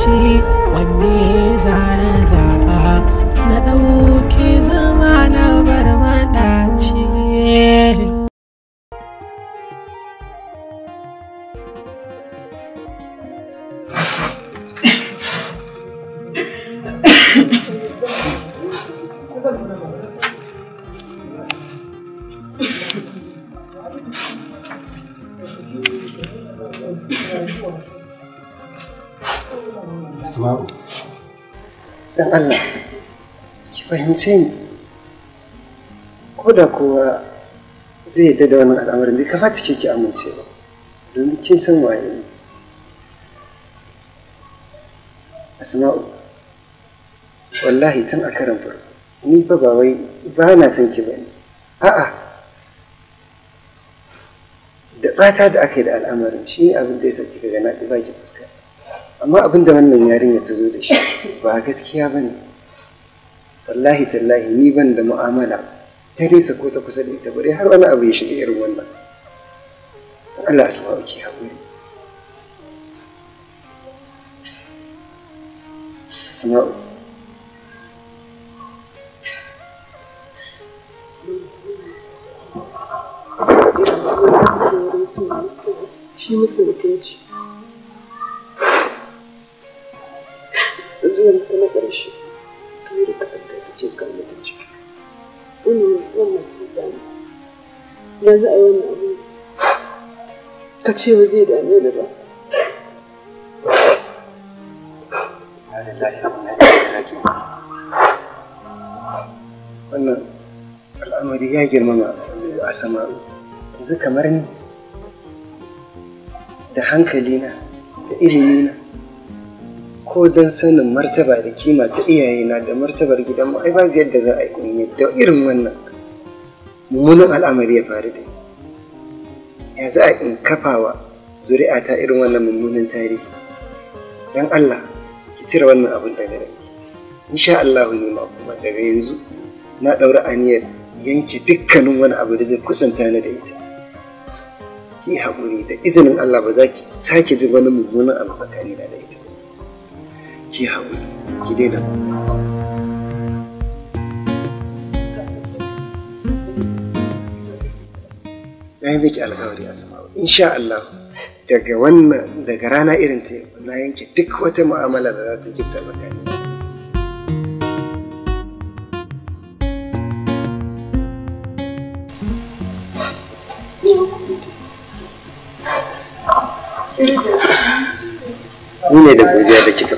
ce wanne zana zafa na ɗauki zama na bar Thank you. Asma'u. Dan Allah, ki fahimce ni. Ko da kowa zai yadda da wannan al'amarin da bai kafa cike ki amince ba, domin kin san waye ni. Asma'u, wallahi tun a karan farko, ni fa ba wai ba na son ki ba ne. A'a, da tsata da aka yi da al'amarin shi ne abin da ya sa kika ga na ɗi ba ki fuska. amma abin da wannan yarinya ta zo da shi ba gaskiya ba ne wallahi tallahi ni ban da mu'amala ta nesa ko ta kusa da ita bare har wani abu ya shiga irin wannan Allah a sama ki haƙuri Asma'u musu zuwan ta na ƙarshe ta yi da takarda ta ce kan mata ciki wani mutum masu dama ya za a wani abu ka ce ba zai dame ni ba wannan al'amari ya girmama a sama yanzu kamar ni da hankalina da ilimina ko don sanin martaba da kima ta iyaye na da martabar mu ai babu yadda za a yi yadda irin wannan mummunan al'amari ya faru da ya za a in kafawa zuri'a ta irin wannan mummunan tarihi don Allah ki cire wannan abin daga ranki insha Allah ne ma kuma daga yanzu na ɗaura aniyar yanke dukkanin wani abu da zai kusanta ni da ita ki haƙuri da izinin Allah ba za ki sake ji wani mummunan abu tsakani da ita ki haƙuri ki daina na yi miki alkawari a sama insha Allah daga wannan daga rana irin ta na yanke duk wata mu'amala da za ta gifta tsakani ni ne da godiya da kika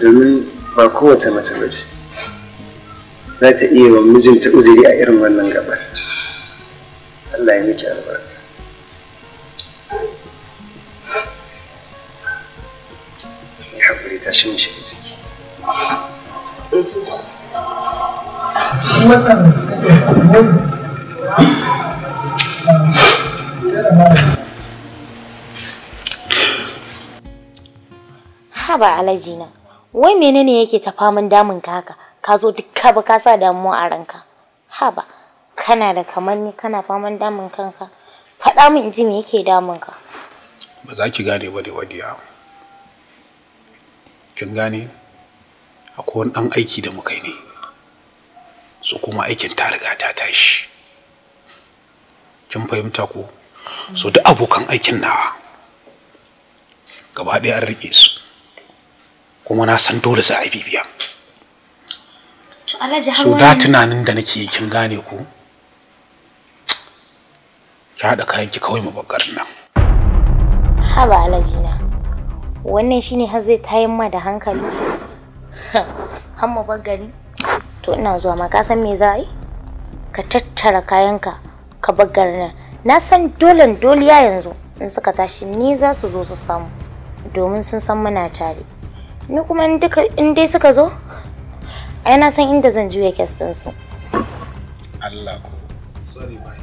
domin ba kowace mace ba ce za ta iya wa mijinta uzuri a irin wannan gabar Allah ya miki albarka ya haƙuri ta shi mishi ciki Haba alaji na. wai menene yake ta faman damun ka haka ka zo dukka ba ka sa damuwa a ranka haba kana da kamar ni kana faman damun kanka faɗa min ji me yake damun ka ba za ki gane ba da wadiya kin gane akwai wani ɗan aiki da muka yi ne su kuma aikin ta riga ta tashi kin fahimta ko su duk abokan aikin nawa gaba ɗaya an rike su kuma na san dole za a bibiya so da tunanin da nake kin gane ku ki haɗa kayan ki kawai mabakar nan haba alaji na wannan shine har zai tayin ma da hankali har mabagari to ina zuwa ma ka san me za a yi ka tattara kayanka ka bagar nan na san dolen doliya yanzu in suka tashi ni za su zo su samu domin sun san muna tare Ni kuma in duka dai suka zo ai na san inda zan juya kes din su. Allah ko. Sorry bai.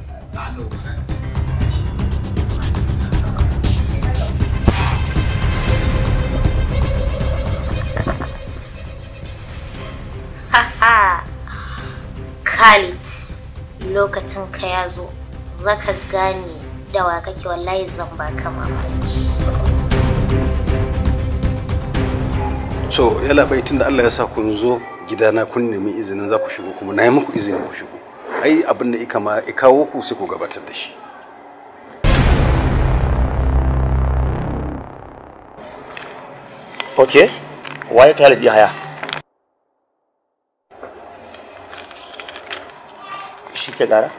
Khalid lokacin ka ya zo zaka gane da wa kake wallahi zan baka mamaki. so yala bai tunda Allah ya sa kun zo gidana kun nemi izinin za ku shigo kuma na yi muku izini ku shigo ai abin da ika ma kawo ku sai ku gabatar da shi ok waye ka yalaji haya shi ke gara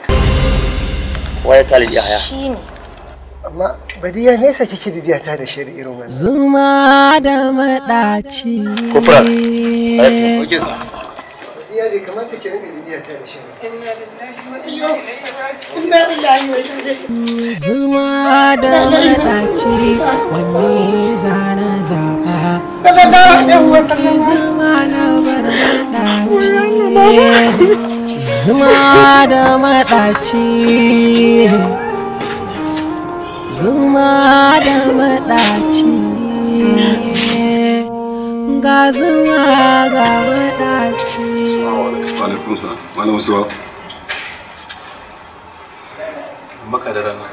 waye ka yalaji haya shi ne amma badiya nesa kike bibiya ta da shiri irin wannan zuma da madaci kufra ayace kuke sa dai ta da shiri inna lillahi wa inna zuma da madaci wanne zana zafa sallallahu alaihi zuma na madaci zuma da madaci zuma da maɗaci ga zuma ga maɗaci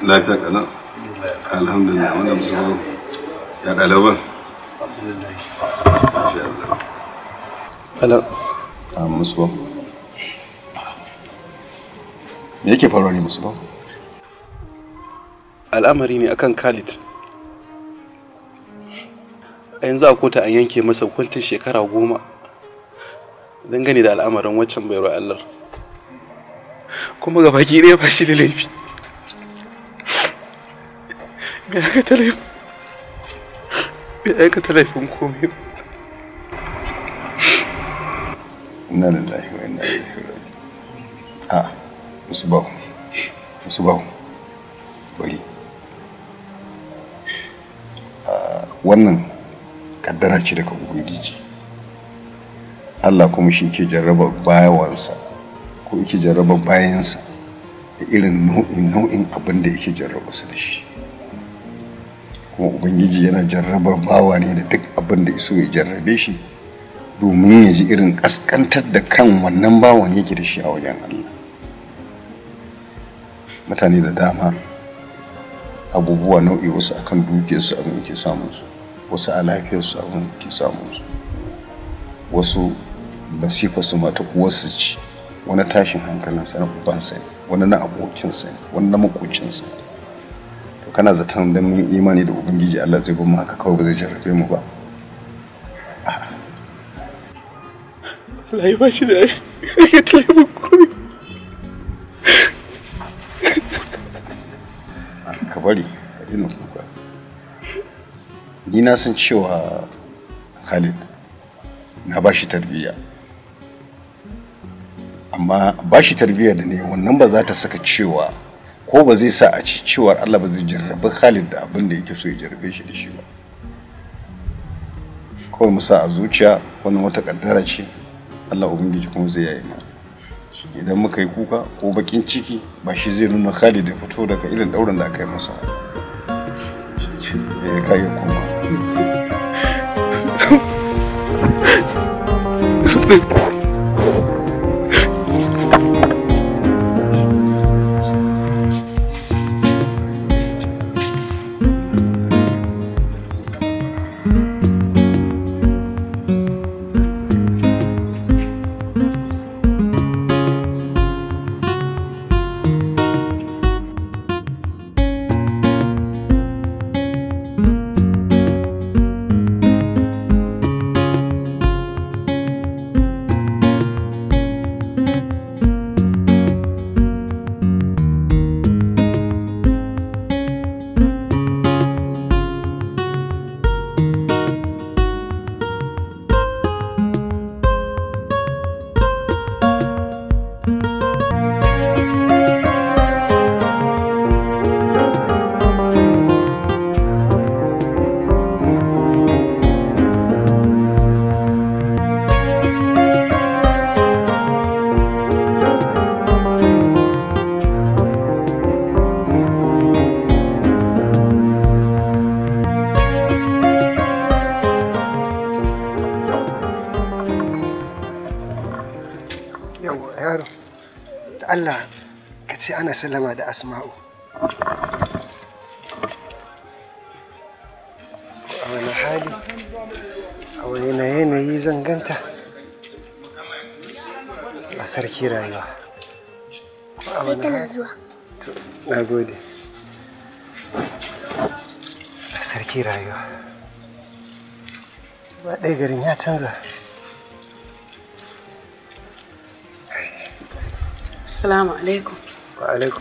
lafiya kana alhamdulillah wannan musamman ya ɗaliban Hello. musu ba Me yake faruwa ne ba. al'amari ne akan khalid a yanzu a kota an yanke masa hukuncin shekara goma dangane da al'amarin waccan bayar allah kuma ga baki ɗaya ba shi da laifi bai aikata laifin bai laifin komai na lillahi wa inna ilaihi raji'un a ah, musu bahu musu bahu bari wannan kaddara ce daga ubangiji allah kuma shi ke jarraba bayawansa ko yake jarraba bayansa da irin nau'in nau'in abin da yake jarraba su da shi kuma ubangiji yana jarrabar bawa ne da duk abin da iso ya jarrabe shi domin ya ji irin ƙasƙantar da kan wannan bawan yake da shi a wajen allah mutane da dama abubuwa nau'i wasu akan dukiyarsu abin ke samun su wasu a lafiyarsu abin da ke samun su wasu ba su mata uwarsu ci wani tashin sa na sa ne wani na sa ne wani na makocinsa ne to kana zaton dan mun imani da ubangiji Allah zai ba mu haka kawai ba zai jarrabe mu ba Allah ya bashi da ya mu komai ka bari ka dinu ni na san cewa khalid na ba shi tarbiyya amma ba shi tarbiyya da ne wannan ba za ta saka cewa ko ba zai sa a ci cewar allah ba zai jarrabi khalid da abin da yake so ya jarrabe shi da shi ba kawai musa a zuciya wannan wata kaddara ce allah ubangiji kuma zai yayi ma idan muka yi kuka ko bakin ciki ba shi zai nuna khalid ya fito daga irin daurin da aka yi masa ya kai kuma Luke. yawa yaro da Allah ka ce ana salama da asma'u a wani hali a wani yanayi zanganta, a sarki rayuwa a wani na gode a sarki rayuwa ba ɗaya garin ya canza Assalamu alaikum. Wa alaikum.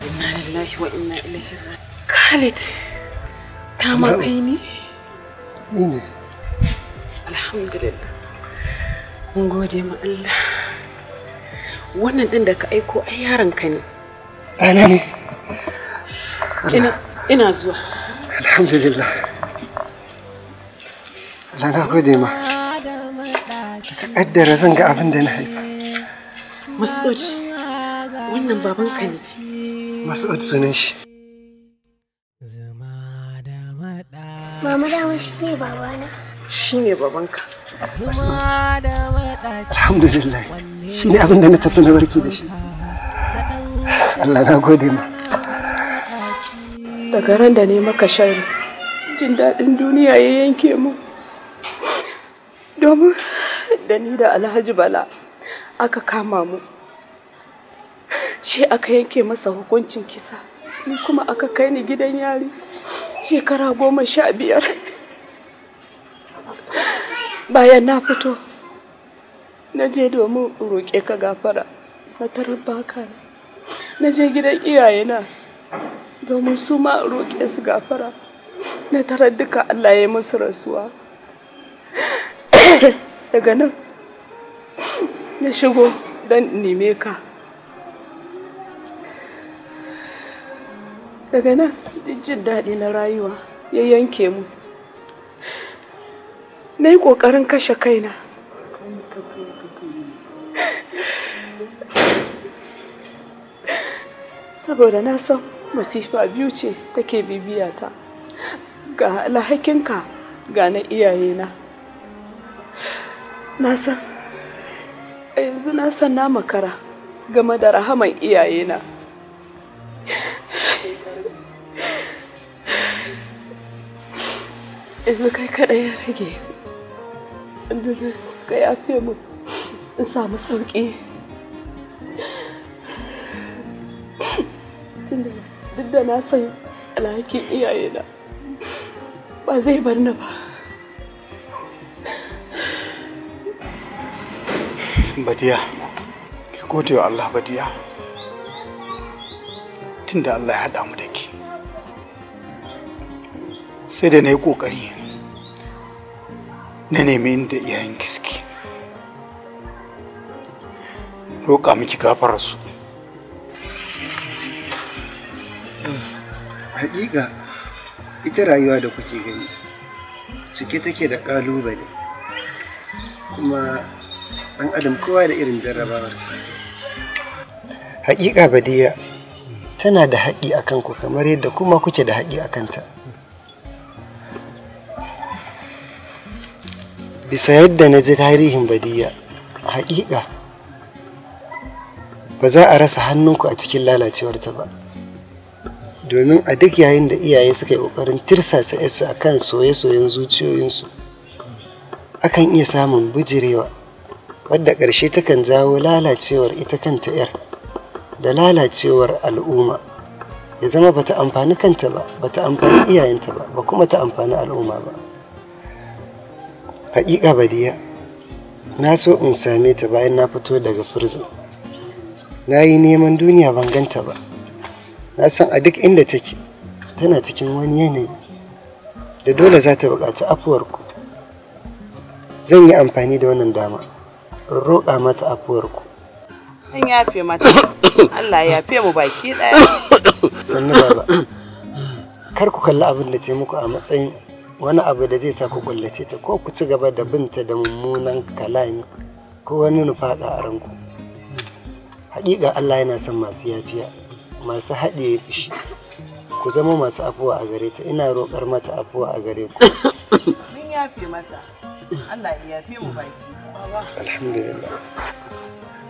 Inna lillahi wa inna ilaihi Khalid. Ta ma kai ne? Alhamdulillah. Mun gode ma Allah. Wannan ɗin da ka aiko ai yaron ka ne. Ɗana ne. Ina ina zuwa. Alhamdulillah. Allah na gode ma. Ka kaddara zan ga abin da na haifa. Masud. wannan babanka ne mas'ud ne shi mama dama shi ne babana shi ne babanka alhamdulillah shi ne abin da na tafi na barki da shi Allah na gode ma daga ran da ne maka shari jin daɗin duniya ya yanke mu domin da ni da alhaji bala aka kama mu shi aka yanke masa hukuncin kisa ni kuma aka kai ni gidan yari shekara goma sha biyar bayan na fito na je domin roƙe ka gafara na baka na je gidan iyayena domin su ma roƙe su gafara na tarar duka Allah ya musu rasuwa daga nan na shigo don neme ka daga nan duk jin daɗi na rayuwa ya yanke mu na yi ƙoƙarin kashe kaina saboda na san masifa biyu ce take bibiyata ga alhakinka ga na iyayena na san yanzu na san na makara game da rahaman iyayena yanzu kai kaɗai ya rage inda zai ka yafe mu in samu sauƙi tunda duk da na san alhakin iyayena ba zai bar ni ba badiya ki gode wa Allah badiya tunda Allah ya haɗa mu da sai da na yi ƙoƙari na nemi inda iyayen suke roƙa miki gafararsu haƙiƙa ita rayuwa da kuke gani cike take da ƙalubale kuma an adam kowa da irin jarrabawarsa haƙiƙa badiya tana da haƙi akan ku kamar yadda kuma kuke da haƙi a kanta bisa yadda na ji tarihin badiya haƙiƙa ba za a rasa hannunku a cikin lalacewarta ba domin a duk yayin da iyaye suka yi ƙoƙarin tirsasa yarsu a kan soye-soyen zuciyoyinsu akan iya samun bijirewa wadda ƙarshe takan jawo lalacewar ita kanta 'yar da lalacewar al'umma ya zama bata amfani kanta ba bata amfani iyayenta ba ba kuma ta amfani al'umma ba haƙiƙa badiya na so in same ta bayan na fito daga prison na yi neman duniya ban ganta ba na san a duk inda take tana cikin wani yanayi da dole za ta buƙaci afuwarku zan yi amfani da wannan dama in roƙa mata afuwarku an yafe mata Allah ya yafe mu baki ɗaya sannu baba kar ku kalli abin da taimako a matsayin wani abu da zai sa ku kullace ta ko ku ci gaba da binta da mummunan kalami ko wani nufaɗa a ranku haƙiƙa Allah yana son masu yafiya masu haɗe fushi ku zama masu afuwa a gare ta ina roƙar mata afuwa a gare ku mun yafe mata Allah ya yafe mu baki alhamdulillah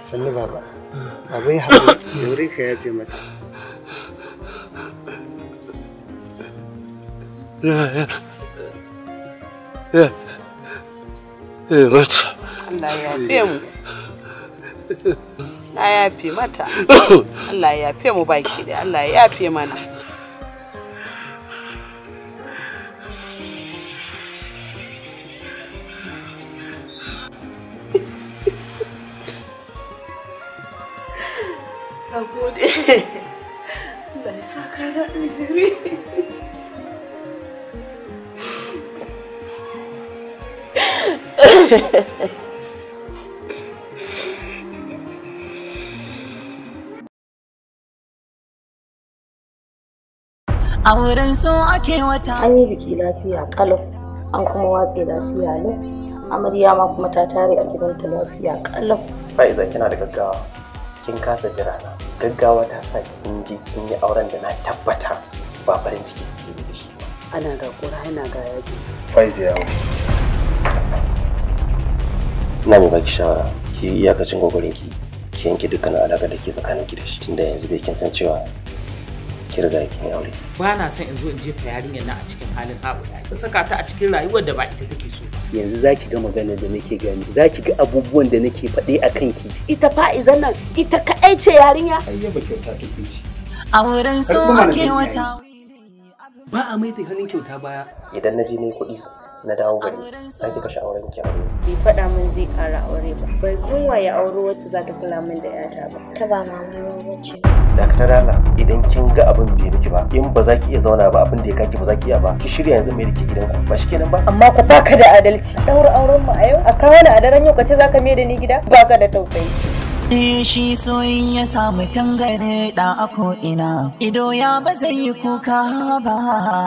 sannu baba abai haƙuri da ka yafe mata Yeah, yeah. Eh, eh mata. Allah ya yafe mu. Na yafe ya yafe mu baki da Allah mana. Na gode. ya sa ka a wurin so ake wata an yi biki lafiya kalau an kuma watse lafiya ne amarya ma kuma ta tare a gidanta lafiya kalau fa'iza kina da gaggawa kin kasa jira na gaggawa ta sa kin je kin yi auren da na tabbata ba farin ciki ke da shi ana ga kura yana ga yaji ya yawo ina mai baki shawara ki iyakacin gwagwarin ki ki yanke dukkan alaƙa da ke tsakanin ki da shi tunda yanzu bai kin san cewa ki riga yi aure ba na son in zo in jefa yarinyar na a cikin halin haɓu da in saka ta a cikin rayuwar da ba ita take so yanzu zaki ga maganar da nake gani zaki ga abubuwan da nake faɗe a kanki ita izan nan ita kaɗai ce yarinya ayyaba kyauta ta ce a wurin so ake wata ba a mai da hannun kyauta baya idan na je ne kuɗi na dawo gari sai kika sha auren ki aure bai faɗa min zai ƙara aure ba ban san waye aure wacce za ta kula min da yata ba ta ba mamu wacce Dakta Dala idan kin ga abin bai miki ba in ba za ki iya zauna ba abin da ya kaki ba za ki iya ba ki shirya yanzu mai dake gidanku ba shi kenan ba amma ku baka da adalci daura auren mu a yau a kawo ni a daren yau kace ka mai da ni gida baka da tausayi shi soyin ya samu tangare da a ina, ido ya ba zai yi kuka ba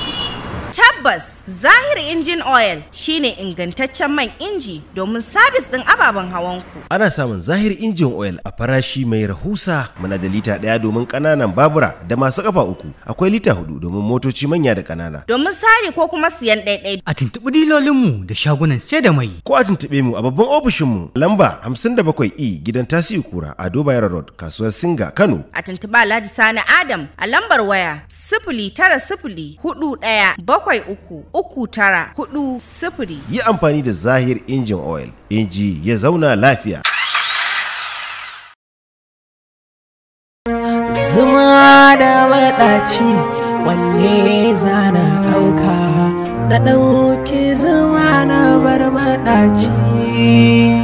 Tabbas Zahir Injin Oil shine ingantaccen man inji domin sabis ɗin ababen hawanku. Ana samun Zahir Injin Oil a farashi mai rahusa mana da lita ɗaya domin ƙananan babura da masu ƙafa uku akwai lita hudu domin motoci manya da ƙanana. Domin sari ko kuma siyan ɗaiɗai. A tuntuɓi dilolinmu da shagunan sai da mai. Ko a tuntuɓe mu a babban ofishinmu lamba hamsin 57 E gidan Tasiu Kura a Yara Road kasuwar Singa Kano. A tuntuɓa Alhaji Sani Adam a lambar waya sifili tara sifili hudu ɗaya bakwai uku uku tara hudu sifiri. Yi amfani da Zahir injin oil, inji ya zauna lafiya. Zuma da maɗaci wanne zana ɗauka, na ɗauki zuma na bar madaci.